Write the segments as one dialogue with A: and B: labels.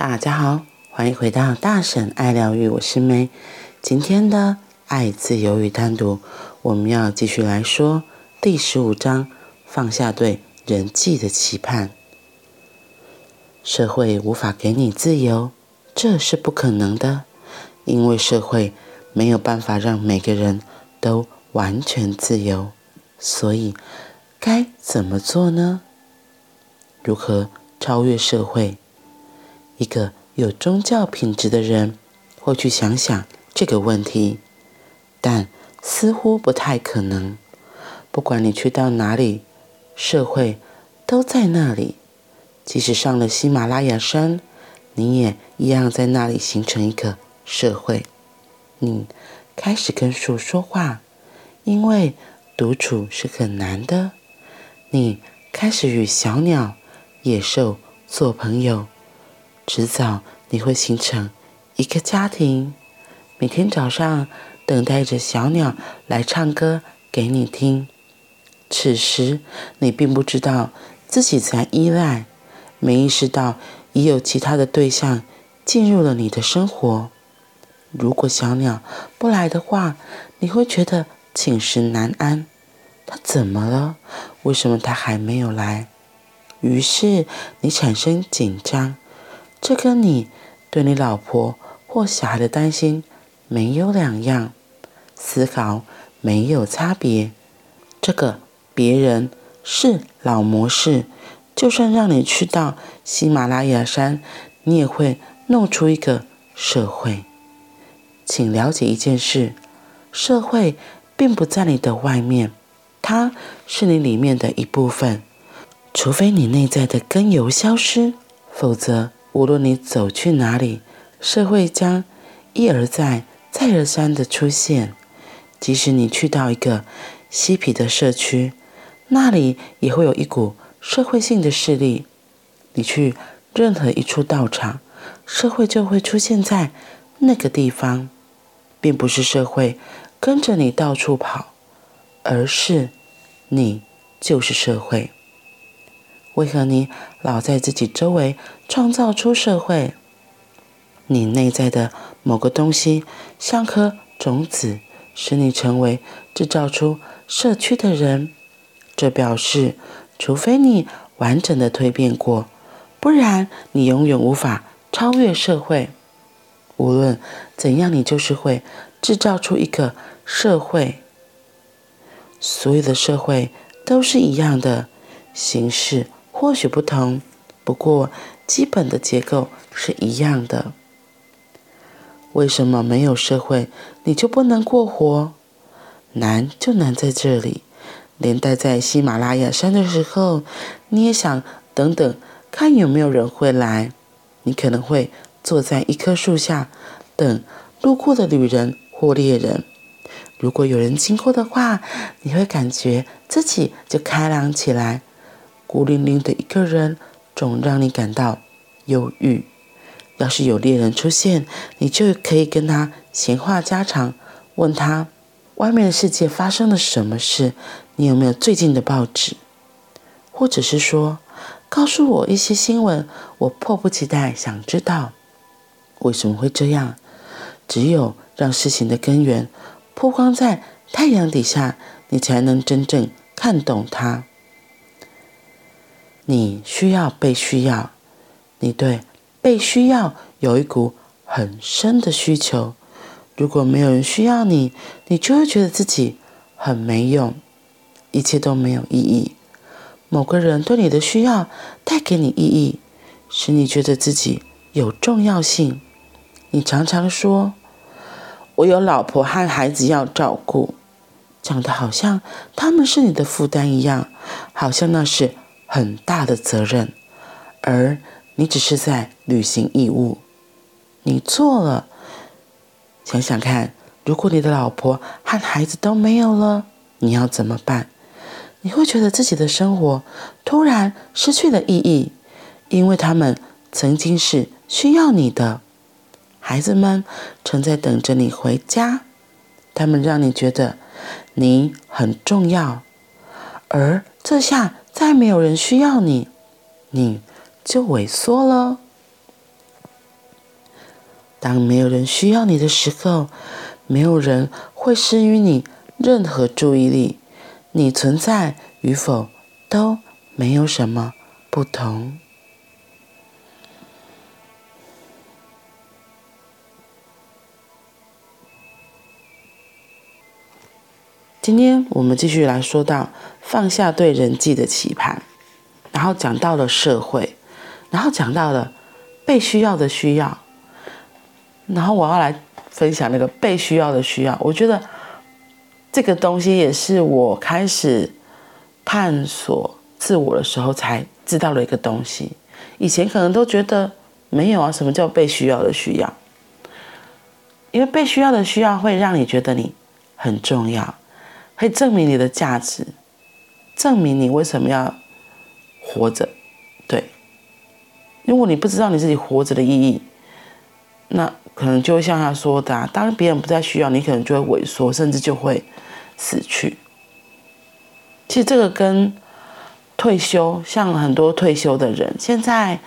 A: 大家好，歡迎回到大神愛療癒，我是梅。今天的《愛自由與單獨》，我們要繼續來說第十五章：放下對人際的期盼。社會無法給你自由，這是不可能的，因為社會沒有辦法讓每個人都完全自由。所以，該怎麼做呢？如何超越社會？一個有宗教品質的人，會去想想這個問題，但似乎不太可能。不管你去到哪裡，社會都在那裡。即使上了喜馬拉雅山，你也一樣在那裡形成一個社會。你開始跟樹說話，因為獨處是很難的。你開始與小鳥、野獸做朋友。遲早你會形成一個家庭，每天早上等待着小鳥來唱歌給你聽。此時你並不知道自己在依賴，沒意識到已有其他的對象進入了你的生活。如果小鳥不來的話，你會覺得寢食難安。它怎麼了？為什麼它還沒有來？於是你產生緊張。這跟你對你老婆或小孩的擔心沒有兩樣，思考沒有差別。這個別人是老模式，就算讓你去到喜馬拉雅山，你也會弄出一個社會。請了解一件事：社會並不在你的外面，它是你裡面的一部分，除非你內在的根由消失，否則。無論你走去哪裡，社會將一而再、再而三地出現。即使你去到一個嬉皮的社區，那裡也會有一股社會性的勢力。你去任何一處道場，社會就會出現在那個地方，並不是社會跟着你到處跑，而是你就是社會。為何你老在自己周圍創造出社會？你內在的某個東西像顆種子，使你成為制造出社區的人。這表示，除非你完整的蛻變過，不然你永遠無法超越社會。無論怎樣，你就是會制造出一個社會。所有的社會都是一樣的形式。或許不同，不過基本的結構是一樣的。為什麼沒有社會，你就不能過活？難就難在這裡。連待在喜馬拉雅山的時候，你也想等等，看有沒有人會來。你可能會坐在一棵樹下，等路過的旅人或獵人。如果有人經過的話，你會感覺自己就開朗起來。孤零零的一個人，總讓你感到憂鬱。要是有獵人出現，你就可以跟他閒話家常，問他外面的世界發生了什麼事，你有沒有最近的報紙，或者是說告訴我一些新聞，我迫不及待想知道為什麼會這樣。只有讓事情的根源曝光在太陽底下，你才能真正看懂它。你需要被需要，你對被需要有一股很深的需求。如果沒有人需要你，你就會覺得自己很沒用，一切都沒有意義。某個人對你的需要帶給你意義，使你覺得自己有重要性。你常常說：“我有老婆和孩子要照顧”，講的好像他們是你的負擔一樣，好像那是。很大的責任，而你只是在履行義務。你做了，想想看，如果你的老婆和孩子都沒有了，你要怎麼辦？你會覺得自己的生活突然失去了意義，因為他們曾經是需要你的。孩子們正在等着你回家，他們讓你覺得你很重要，而這下。再沒有人需要你，你就萎縮了。當沒有人需要你的時候，沒有人會施予你任何注意力，你存在與否都沒有什麼不同。今天我們繼續來說到放下對人際的期盼，然後講到了社會，然後講到了被需要的需要，然後我要來分享那個被需要的需要。我覺得這個東西也是我開始探索自我的時候才知道的一個東西。以前可能都覺得沒有啊，什麼叫被需要的需要？因為被需要的需要會讓你覺得你很重要。可以證明你的價值，證明你為什麼要活着，對。如果你不知道你自己活着的意義，那可能就會像他說的，啊，當然別人不再需要你，可能就會萎縮，甚至就會死去。其實這個跟退休，像很多退休的人，現在，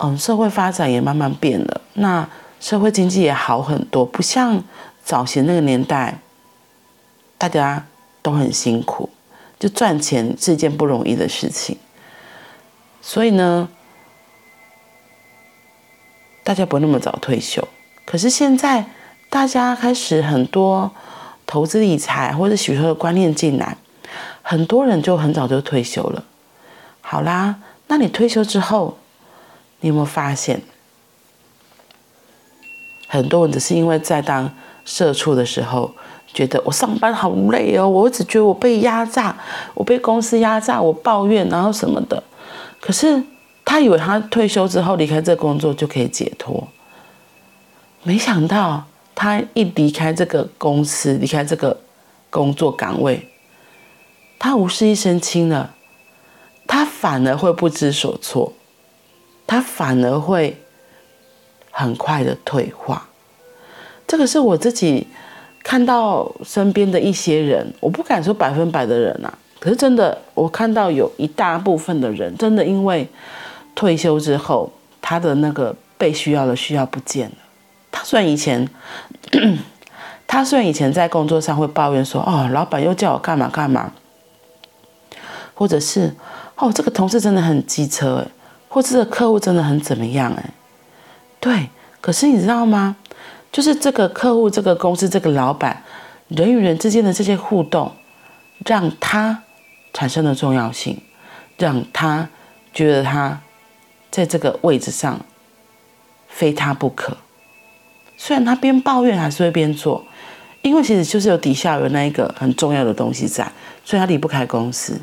A: 嗯，社會發展也慢慢變了，那社會經濟也好很多，不像早些那個年代。大家都很辛苦，就賺錢是一件不容易的事情。所以呢，大家不那麼早退休。可是現在，大家開始很多投資理財或者許多的觀念進來，很多人就很早就退休了。好啦，那你退休之後，你有沒有發現，很多人只是因為在當社畜的時候，覺得我上班好累哦，我只覺得我被壓榨，我被公司壓榨，我抱怨然後什麼的，可是他以為他退休之後離開這個工作就可以解脫，沒想到他一離開這個公司，離開這個工作崗位，他無事一身輕了，他反而會不知所措，他反而會很快的退化。這個是我自己。看到身邊的一些人，我不敢說百分百的人啊，可是真的，我看到有一大部分的人，真的因為退休之後，他的那個被需要的需要不見了。他雖然以前，咳咳，他雖然以前在工作上會抱怨說，哦，老闆又叫我幹嘛幹嘛，或者是哦，這個同事真的很機車哎，或者是客戶真的很怎麼樣哎，對，可是你知道嗎？就是這個客戶、這個公司、這個老闆，人與人之間的這些互動，讓他產生了重要性，讓他覺得他在這個位置上非他不可。雖然他邊抱怨還是會邊做，因為其實就是有底下有那一個很重要的東西在，所以他離不開公司。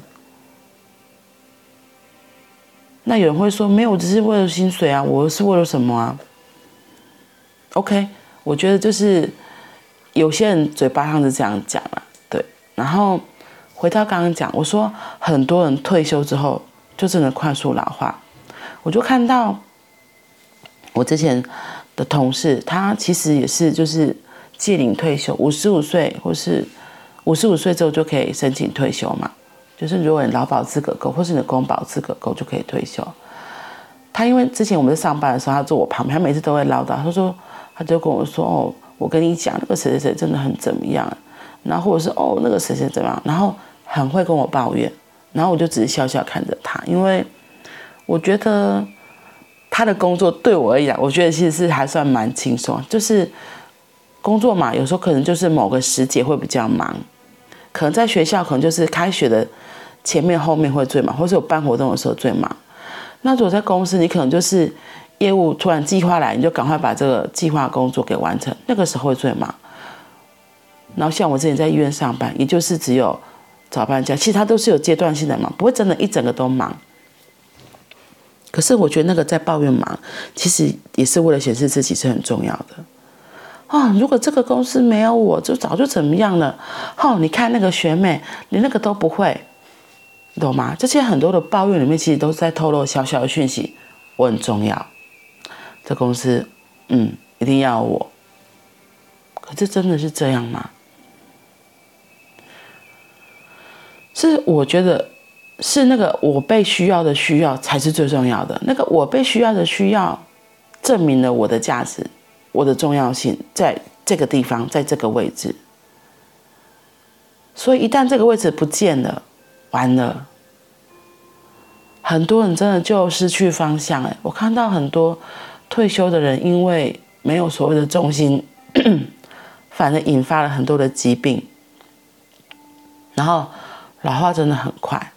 A: 那有人會說：“沒有，只是為了薪水啊，我是為了什麼啊？”OK。我覺得就是有些人嘴巴上是這樣講啊，對。然後回到剛剛講，我說很多人退休之後就真的快速老化。我就看到我之前的同事，他其實也是就是屆齡退休，五十五歲或是五十五歲之後就可以申請退休嘛，就是如果你勞保資格夠，或是你的公保資格夠就可以退休。他因為之前我們在上班的時候，他坐我旁邊，他每次都會嘮叨，他說。他就跟我說：“哦，我跟你講，那個誰誰誰真的很怎麼樣，然後或者是哦，那個誰誰怎麼樣，然後很會跟我抱怨，然後我就只是笑笑看着他，因為我覺得他的工作對我而言，我覺得其實是還算蠻輕鬆，就是工作嘛，有時候可能就是某個時節會比較忙，可能在學校可能就是開學的前面後面會最忙，或是有辦活動的時候最忙。那如果在公司，你可能就是。”業務突然計劃來，你就趕快把這個計劃工作給完成。那個時候會最忙。然後像我之前在醫院上班，也就是只有早班加，其實它都是有階段性的忙，不會真的一整個都忙。可是我覺得那個在抱怨忙，其實也是為了顯示自己是很重要的啊、哦。如果這個公司沒有我，就早就怎麼樣了。好、哦，你看那個學妹，連那個都不會，懂嗎？這些很多的抱怨裡面，其實都是在透露小小的訊息，我很重要。這公司，嗯，一定要我。可是真的是這樣嗎？是我覺得，是那個我被需要的需要才是最重要的。那個我被需要的需要，證明了我的價值，我的重要性在這個地方，在這個位置。所以一旦這個位置不見了，完了，很多人真的就失去方向了。哎，我看到很多。退休的人因為沒有所謂的重心， 反而引發了很多的疾病，然後老化真的很快。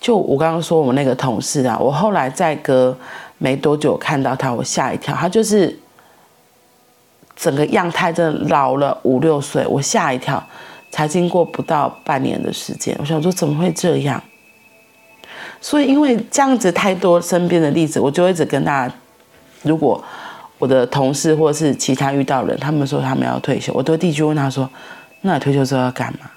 A: 就我剛剛說，我們那個同事啊，我後來再隔沒多久看到他，我嚇一跳。他就是整個樣態，真的老了五六歲。我嚇一跳，才經過不到半年的時間，我想說怎麼會這樣？所以因為這樣子太多身邊的例子，我就一直跟大家。如果我的同事或是其他遇到人，他們說他們要退休，我都會繼續問他說：“那你退休之後要幹嘛？”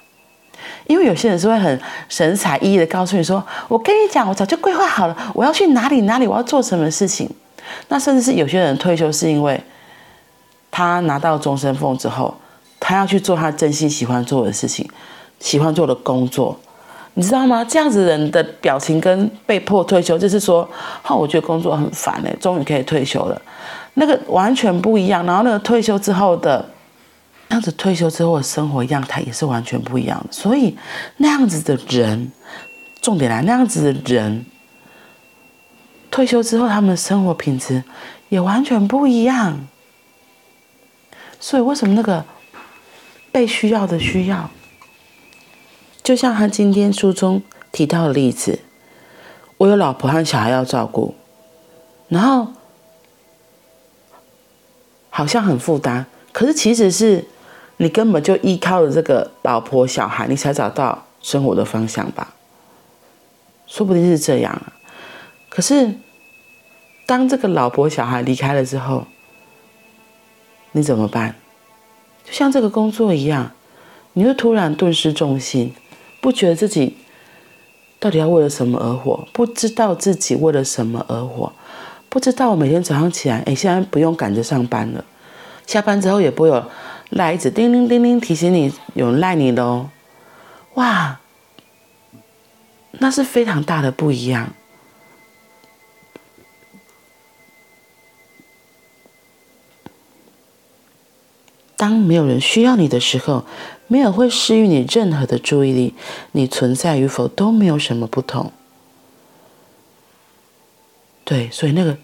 A: 因為有些人是會很神采奕奕的告訴你說：“我跟你講，我早就規劃好了，我要去哪裡哪裡，我要做什麼事情。”那甚至是有些人退休是因為他拿到終身俸之後，他要去做他真心喜歡做的事情，喜歡做的工作。你知道嗎？這樣子人的表情跟被迫退休，就是說，哈、哦，我覺得工作很煩呢、欸，終於可以退休了，那個完全不一樣。然後那個退休之後的那樣子退休之後的生活樣態也是完全不一樣的。所以那樣子的人，重點來，那樣子的人退休之後，他們的生活品質也完全不一樣。所以為什麼那個被需要的需要？就像他今天書中提到的例子，我有老婆和小孩要照顧，然後好像很負擔，可是其實是你根本就依靠了這個老婆小孩，你才找到生活的方向吧？說不定是這樣啊。可是當這個老婆小孩離開了之後，你怎麼辦？就像這個工作一樣，你又突然頓失重心。不覺得自己到底要為了什麼而活？不知道自己為了什麼而活？不知道我每天早上起來，哎，現在不用趕着上班了，下班之後也不會有賴子叮鈴叮鈴叮叮提醒你，有人賴你的哦。哇，那是非常大的不一樣，當沒有人需要你的時候。沒有會施予你任何的注意力，你存在與否都沒有什麼不同。對，所以那個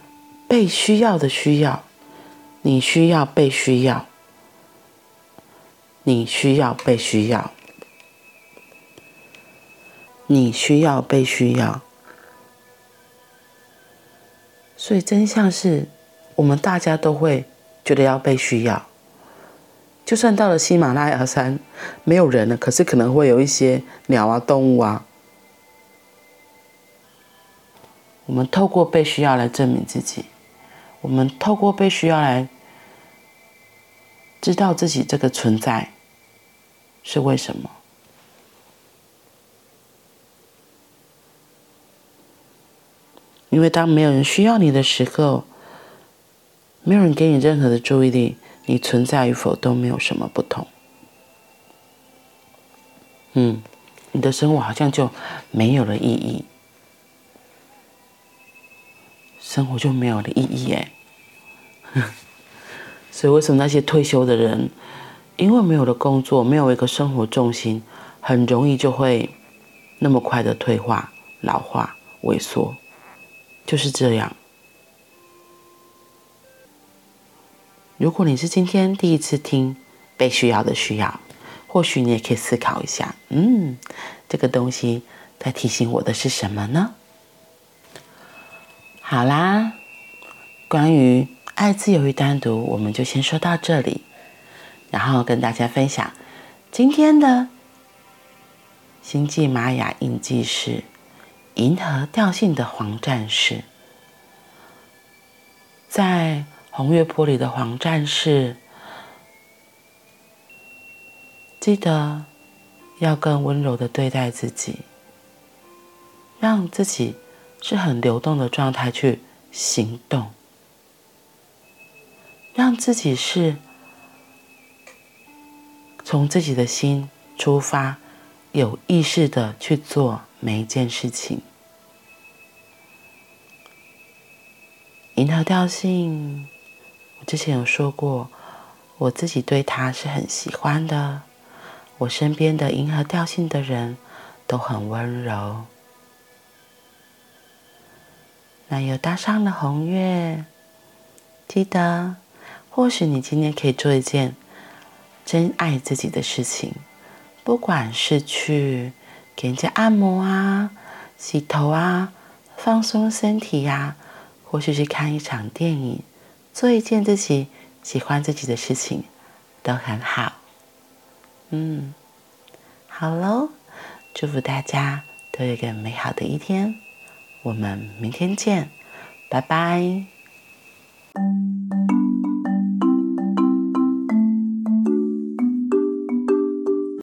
A: 被需要的需要，你需要被需要，你需要被需要，你需要被需要，你需要被需要。所以真相是，我們大家都會覺得要被需要。就算到了喜馬拉雅山，沒有人了，可是可能會有一些鳥啊、動物啊。我們透過被需要來證明自己，我們透過被需要來知道自己這個存在是為什麼。因為當沒有人需要你的時候，沒有人給你任何的注意力。你存在與否都沒有什麼不同，嗯，你的生活好像就沒有了意義，生活就沒有了意義哎，所以為什麼那些退休的人，因為沒有了工作，沒有一個生活重心，很容易就會那麼快的退化、老化、萎縮，就是這樣。如果你是今天第一次聽被需要的需要，或許你也可以思考一下，嗯，這個東西在提醒我的是什麼呢？好啦，關於愛自由與單獨，我們就先說到這裡，然後跟大家分享今天的星際瑪雅印記是銀河調性的黃戰士，在。紅月坡里的黃戰士，記得要更溫柔地對待自己，讓自己是很流動的狀態去行動，讓自己是從自己的心出發，有意識地去做每一件事情，銀河調性。之前有說過，我自己對他是很喜歡的。我身邊的銀河調性的人都很溫柔。那又搭上了紅月，記得，或許你今天可以做一件真愛自己的事情，不管是去給人家按摩啊、洗頭啊、放鬆身體呀、啊，或許是看一場電影。做一件自己喜歡自己的事情，都很好。嗯，好嘍，祝福大家都有一個美好的一天。我們明天見，拜拜。